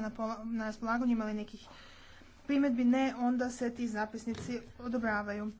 na, pola, na raspolaganju imali nekih primjedbi? Ne, onda se ti zapisnici odobravaju.